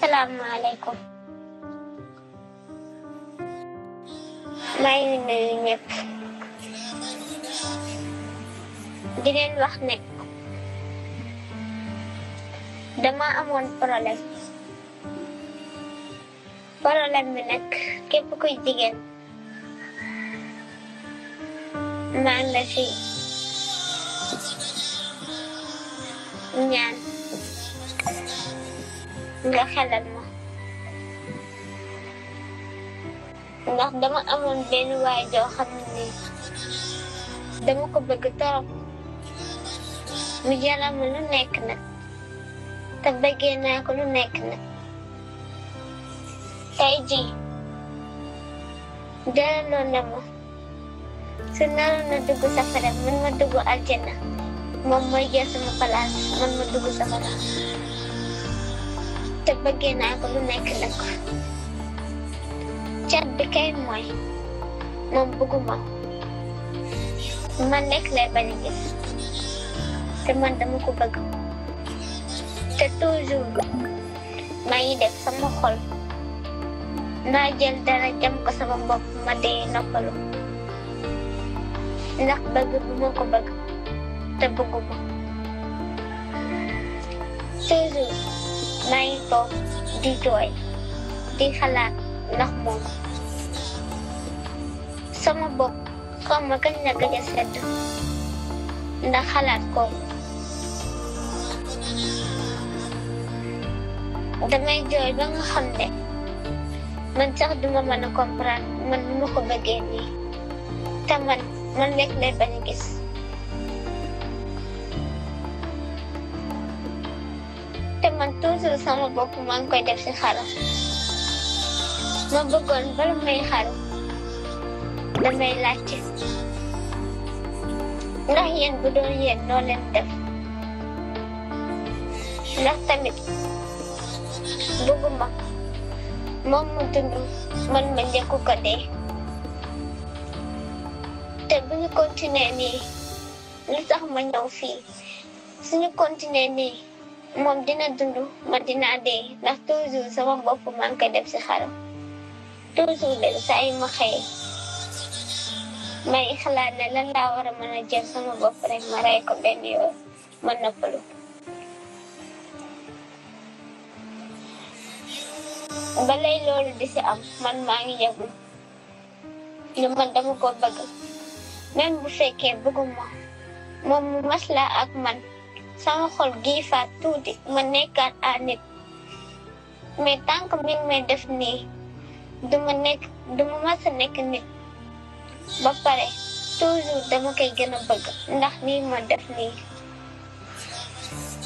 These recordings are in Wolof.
Assalamualaikum. maa ngi nuyu ñëpp dama amoon problème problème kuy jigéen maa ngi la ndax xelal ma ndax dama amun benn waay joo xam ne dama ko bëgg torop mu jaral ma lu nekk nag te bëggee naa ko lu nekk nag tey ji delloon na ma su naroon na dugg safara man ma dugg aljana ya moom mooy jël sama place man ma dugg safara ಇದ್ರ ಬಗ್ಗೆ ನಾಗಲು ನೈಕಲಕ್ಕ chad became my mambuguma manek lebanigis teman teman ku bëgg te toujours may def sama xol naa jël dara jam ko sama bopp ma dee noppalu ndax bëgg bu ma ko bëgg te toujours Na ngi toog di di xalaat sama bopp xaw ma kañ la gëj a damay jooy ba nga xam ne toujours sama bopp maa koy def si xaru ma bëggoon bala may xaru damay laajte ndax yéen bu doon yéen noo leen def ndax tamit bëgguma moom mu dund man ma njëkku ko dee te bu ñu continuer nii li tax ma ñëw fii suñu continuer nii moom dina dund ma dinaa dee ndax toujours sama bopp maa ngi koy def si xaram toujours de saa yu ma xëyee may xalaat ne lan laa war a mën a jël sama bopp rek ma rey ko benn yoon ma noppalu balay loolu di ci am man maa ngi yëgu ne man dama ko bëgg même bu fekkee bëgguma moom mu maslaa ak man sama xol gii faat tuuti ma nekkaat à nit mais tant que may def nii du nekk du ma mas a nekk nit ba pare toujours dama koy gën a bëgg ndax nii ma def nii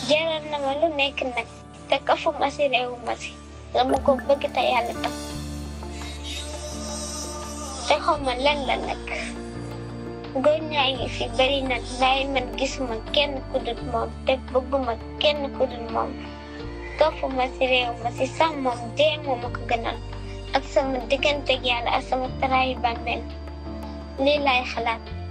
jaral na ma lu nekk nag te kafu ma si la ma si ko bëgg te yàlla tax te xaw ma len la nag gën naa yi fi bëri nag waaye man gisuma kenn ku dul moom te bëgguma kenn ku dul moom kafuma si réew moom dee moom ma ko gënal ak sama diggante ak yàlla ak sama taraayu lii laay xalaat